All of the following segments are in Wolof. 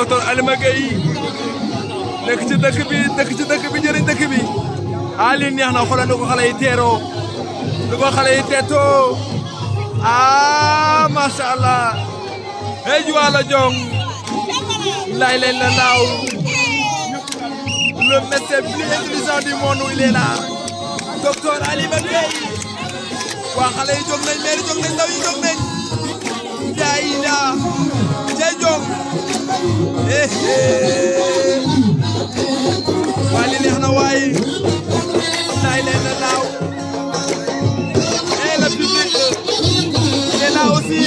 docteur Alima Gueye nekk ci dëkk bi nekk ci dëkk bi jëriñ dëkk bi a li neex na xoolal nu ko xale yi teetoo a macha allah hey jong lay leen la naaw le médecin plus intelligent du monde il Alima Gueye waa xale yi jóg nañ mairie jóg yi jóg nañ daa Eh, eh. waa li neex na waay laay leen na laaw et le public c'est eh, là aussi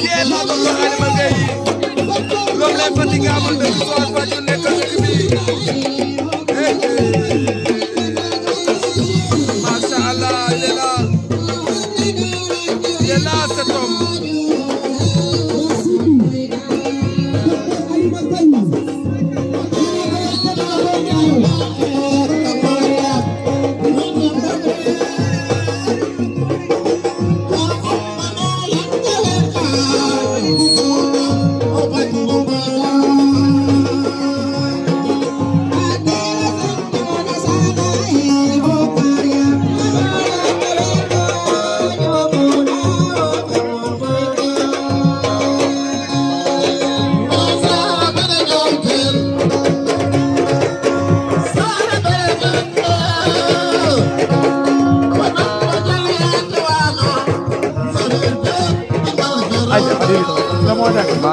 qui est là comme le Alima Gaye l'homme l'infatigable de l'histoire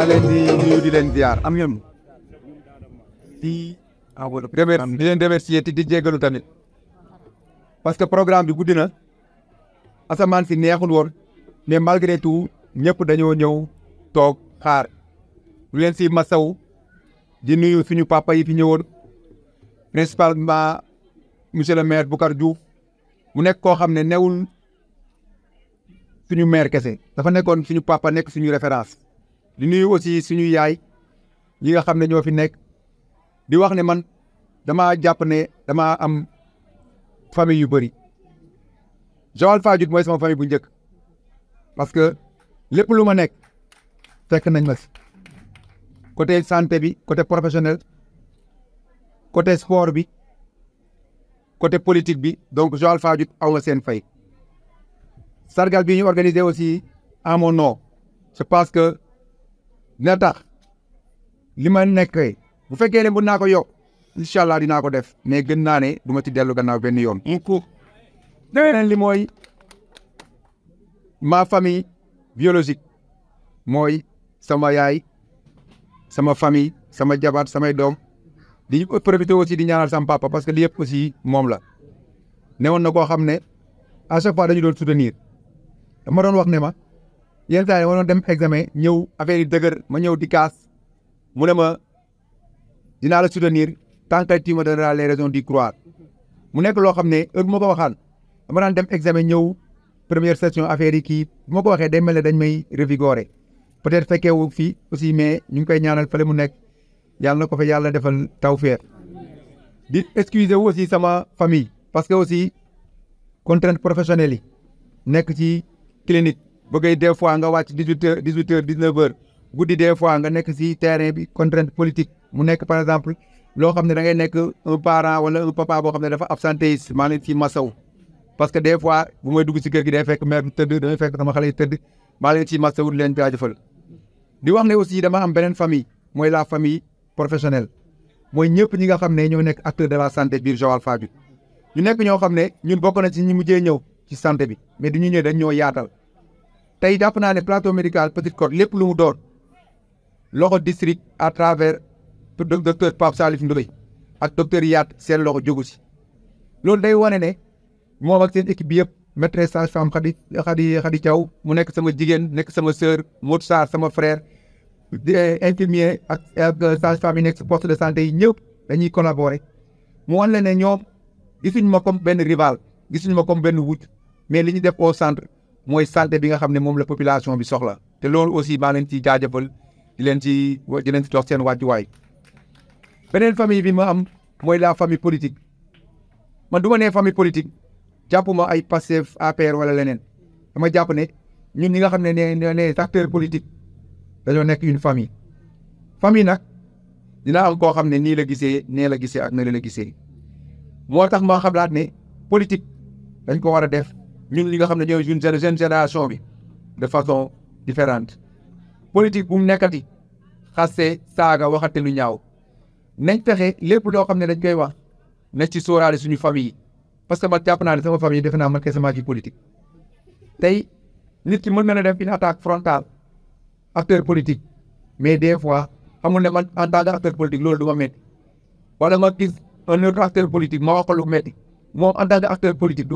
leen di nuyu ya. di leen ziar am ngeen di remer di leen remercier te di jégalu tamit parce que programme bi guddi na asamaan si neexul woon mais malgré tout ñëpp dañoo ñëw toog xaar lu leen si masaw di nuyu suñu papa yi fi ñëwoon principalement monsieur le maire Boucar Diouf mu nekk koo xam ne newul suñu maire kese dafa nekkoon suñu papa nekk suñu référence Nous, nuyu aussi suñu yaay ñi nga xam ne ñoo di wax ne man dama jàpp ne dama am famille yu bëri Joal nous mooy sama famille bu parce que les lu ma nekk fekk ma côté santé bi côté professionnel côté sport bi côté politique bi donc Joal aw nga fay bi ñu organisé aussi à mon nom C'est parce que dina tax li ma nekkee bu fekkee ne mën naa ko yokk incha allah dinaa ko def mais gën naa ne du ma ci dellu gannaaw benn yoon. mukk li mooy maa famille biologique mooy sama yaay sama famille sama jabaat sama doom di profité aussi di ñaanal sama papa parce que li yëpp aussi moom la ne newoon na koo xam ne à chaque dañu doon soutenir dama doon wax ne ma. yenn saa yi ma doon dem examen ñëw affaire yi dëgër ma ñëw di kaas mu ne ma dinaa la soutenir tant que tu me donneras les raisons d'y croire mu nekk loo xam ne heure bu ma ko waxaan dama naan dem examen ñëw première session affaire yi kii bu ma ko waxee day mel ne dañ may revigorer peut-être fekkee wu fii aussi mais ñu ngi koy ñaanal fële mu nekk yàlla na ko fa yàlla defal tawfeex di excuser wu aussi sama famille parce que aussi contrainte professionnelle yi nekk ci clinique bëggee des fois nga wàcc dix huit heures dix huit heures dix guddi des nga nekk si terrain bi contrainte politique mu nekk par exemple loo xam ne da ngay nekk un parent wala un boo xam ne dafa absentéiste maa leen si masaw parce que des fois bu may dugg ci kër gi day fekk mère bi tëdd damay fekk sama xale tëdd maa leen si masawu di leen jaajëfal di wax ne aussi dama am beneen famille mooy la famille professionnelle mooy ñëpp ñi nga xam ne ñoo nekk acteur de la santé biir Joal Fadiouth ñu nekk ñoo xam ne ñun bokk na ci ñi mujjee ñëw ci santé bi mais du ñu ñëw dañ ñoo yaatal tey jàpp naa ne plateau médical Petite Côte lépp lu mu doon loxo district à travers docteur Pape Salif Ndoye ak docteur Yaat seen loxo jógu si loolu day wane ne moom ak seen équipe bi yëpp maîtresse sage-femme Khady Khady caw mu nekk sama jigéen nekk sama sœur Modou Sarr sama frère eh, infirmier ak ak euh, sage-femme yi nekk si poste de santé yi ñëpp dañuy collaborer mu wan la ne ñoom gisuñu ma comme benn rival gisuñu ma comme benn wut mais li ñu def au centre mooy santé bi nga xam ne moom la population bi soxla te loolu aussi maa leen ci jaajëfal di leen ci di leen ci dox seen wàccuwaay beneen famille bi ma am mooy la famille politique ma du ma nee famille politique ma ay Pastef APR wala leneen dama jàpp ne ñun ñi nga xam ne ne ne acteur politique dañoo nekk une famille famille nag dina am koo xam ne nii la gisee nee la gisee ak na la gisee moo tax ma xamlaat ne politique dañ ko war a def ñun li nga xam ne ñooy une jeune génération bi de façon différente politique bu mu nekkati xaste saaga waxate lu ñaaw nañ fexe lépp doo xam ne dañ koy wax ne ci sóoraale suñu famille parce que man jàpp naa ne sama famille defe naa man kese maa ci tey nit ki mën na la def une attaque frontale acteur politique mais des fois xamul ne man en tant que acteur politique loolu du ma métti wala ma gis un autre acteur politique ma wax ko lu métti moom en tant que acteur politique du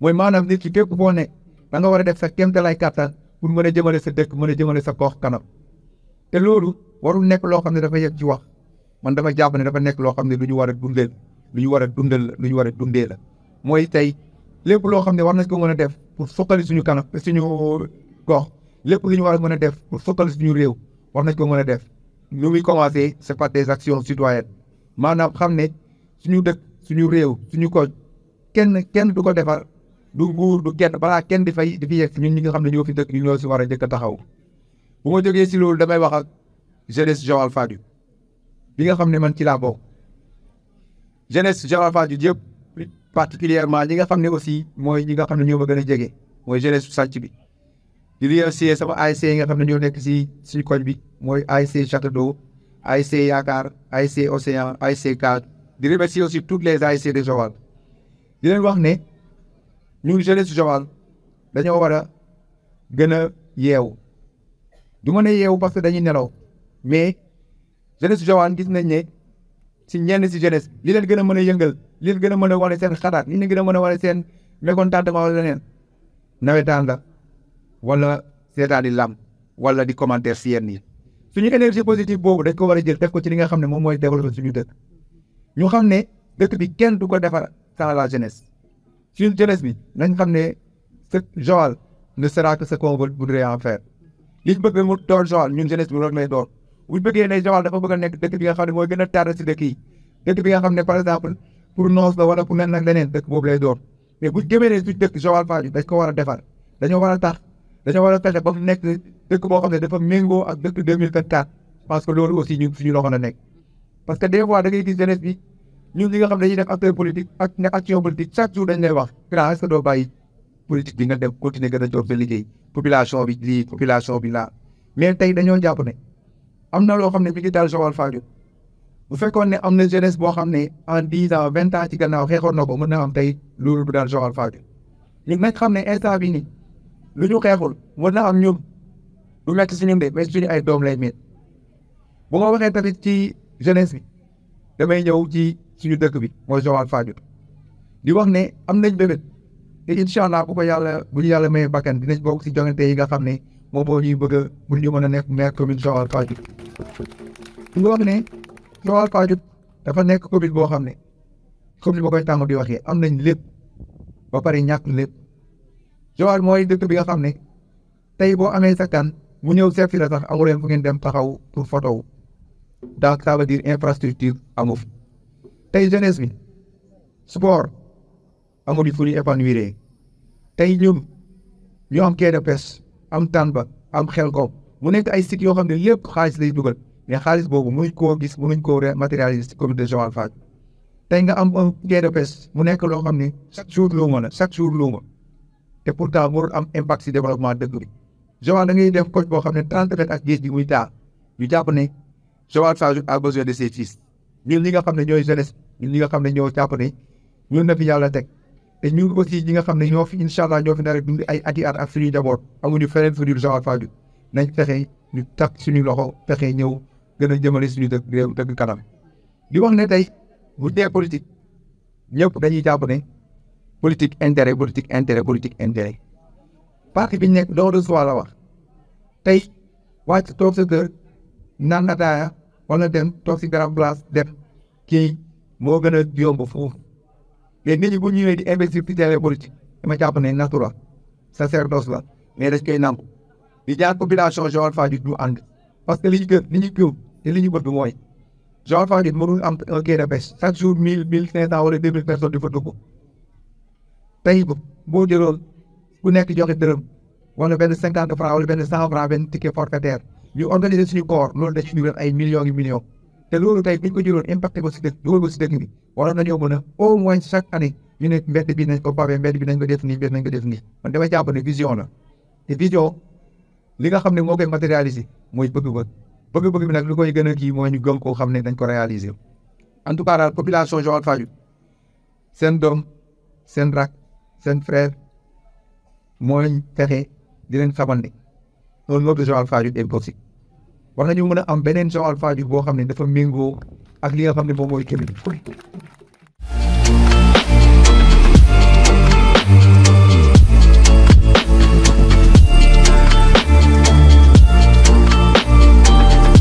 mooy maanaam nit ki fépp foo ne da war a def sa kéemtalaay kàttan pour mën a jëmale sa dëkk mën a jëmale sa gox kanam te loolu warul nekk loo xam ne dafa yegg ci wax man dafa jàpp ne dafa nekk loo xam ne lu war a dundeel lu ñu war a dundal lu ñu war a dundee la mooy tey lépp loo xam ne war nañ ko mën a def pour suqali suñu kanam suñu gox lépp lu ñu war a mën a def pour suqali suñu réew war nañ ko mën a def lu muy commencé c'est par des actions citoyennes maanaam xam ne suñu dëkk suñu réew suñu ko kenn kenn du ko defar du nguur du kenn balaa kenn di fay di fi yegg ñun ñi nga xam ne ñoo fi dëkk ñu ñoo si war a njëkk a taxaw bu ma jógee si loolu damay wax ak jeunesse Joal Fadiouth bi nga xam ne man ci laa bokk jeunesse Joal Fadiouth yëpp particulièrement ñi nga xam ne aussi mooy ñi nga xam ne ñoo ma gën a jege mooy jeunesse su sàcc bi di remercier sama ASC nga xam ne ñoo nekk si si koñ bi mooy ASC Château d'Eau ASC Yaakaar ASC Océan ASC Cadre di remercier aussi toutes les ASC de Joal di leen wax ne ñu jeunesse Joal dañoo war a gën a yeewu du ma ne yeewu parce que dañuy nelaw mais jeunesse Joal gis nañ ne si ñenn si jeunesse li leen gën a mën a yëngal leen gën a mën a wane seen xalaat li leen gën a mën a wane seen mécontentement wala leneen nawetaan wala seetaan di lam wala di commentaire si yenn yi suñu énergie positive boobu dañ ko war a jël def ko ci li nga xam ne moom mooy développé suñu dëkk ñu xam ne dëkk bi kenn du ko defar sans la jeunesse. ci jeunesse bi nañ xam ne ce Joal ne sera que ce qu'on voudrait en faire liñ bëgg mu doon Joal ñun jeunesse bi loolu lay doon buñ bëggee ne Joal dafa bëgg nekk dëkk bi nga ne mooy gën a noos la wala pour nag leneen dëkk boobu lay doon mais buñ gëmee ne suñ dëkk Joal Fadiouth dañ ko war defar dañoo war a tax dañoo war a fexe ba mu nekk dëkk boo xam ne dafa méngoo ak dëkk deux mille vingt quatre parce loolu aussi ñun suñu nekk parce que des fois da ñun ñi nga xam ne dañuy def ak ne action politique chaque jour dañ lay wax. grand est-ce doo bàyyi politique bi nga def continuer gën a jox sa liggéey population bi lii population bi laa mais tey dañoo jàpp ne am na loo xam ne mi ngi daal Joal Fadiouth bu fekkoon ne am na jeunesse boo xam ne en dix ans vingt ans ci gannaaw xeexoon na ko mën na am tey loolu du daal Joal Fadiouth ñu nag xam ne instant bi nii lu ñu xeexul mën na am ñun du metti si ñun de mais suñu ay doom lay met bu ma waxee tamit ci jeunesse bi damay ci. suñu dëkk bi mooy Joal Fadiouth di wax ne am nañ bébét te incha allah bu ko yàlla bu ñu yàlla mayee bakkan dinañ bokk si joŋante yi nga xam ne moom moo ñuy bëgg a bu ñu mën a nekk maire commune Joal Fadiouth. di wax ne Joal dafa nekk commune boo xam ne comme ni ma koy tàmm di waxee am nañ lépp ba pare ñàkk lépp Joal mooy dëkk bi nga xam ne tey boo amee sa kan mu ñëw seet si la sax amu leen fu ngeen dem taxaw pour photo wu donc ça veut dire infrastructure amu fi tey jeunesse bi sport amul fu ñu épanouir tey ñun ñu am quai de pêche am Tamba am Xelkom mu nekk ay sites yoo xam ne lépp xaalis lay dugal mais xaalis boobu mënuñ koo gis mu mënuñ koo matérialiser ci communauté Joal Fadiouth tey nga am un quai de mu nekk loo xam ne chaque jour luuma la chaque jour luuma te pourtant warul am impact ci développement dëkk bi Joal da ngay def coche boo xam ne trente mètres ak géej bi muy taa ñu jàpp ne Joal Fadiouth a besoin de ses ñun ñi nga xam ne ñooy jeunesse ñun ñi nga xam ne ñoo jàpp ne ñun na fi yàlla teg te ñun aussi ñi nga xam ne ñoo fi incha allah ñoo fi nar a dund ay ati at ak suñuy jaboot amuñu feneen fu dul Joal Fadiouth nañ fexe ñu takk suñu loxo fexe ñëw gën a jëmale suñu dëkk réew dëkk kanam. di wax ne tey bu dee politique ñëpp dañuy jàpp ne politique intérêt politique intérêt politique intere parti bi ñu nekk doo de soi la wax tey wàcc toog sa kër naan ataaya wala dem toog si garab glace dem kii moo gën a yomb foofu mais nit ñi bu ñëwee di investir ci terrain politique dama jàpp ne natura sacerdoce la mais dañ koy nangu di ñaan population Joal Fadiouth du ànd parce que li ñu gëm li ñu gëm te li ñu bëgg mooy Joal Fadiouth mënul am un quai de pêche jour mil mille cinq cent wala deux mille personnes di fa dugg tey boo jëloon ku nekk joxe dërëm wala benn cinquante franc wala benn cent franc benn ticket forfaitaire ñu organiser suñu koor loolu da ci dugal ay millions yi millions te loolu tey biñ ko jëloon impacté ko si dëkk dugal ko si dëkk bi waroon nañoo mën a au moins chaque ñu ne mbedd bi nañ ko pare mbedd bi nañ ko def nii mbedd nañ ko def nii man jàpp ne vision la te vision li nga xam ne moo koy matérialiser mooy bëgg-bëgg bëgg-bëgg bi nag lu koy gën a ñu gëm koo xam ne dañ ko réaliser en tout cas daal population Joal Fadiouth seen doom seen rak seen frère mooy fexe di leen xamal un autre Joal Fadiouth est possible war nañu mën a am beneen Joal Fadiouth boo xam ne dafa méngoo ak li nga xam ne moom mooy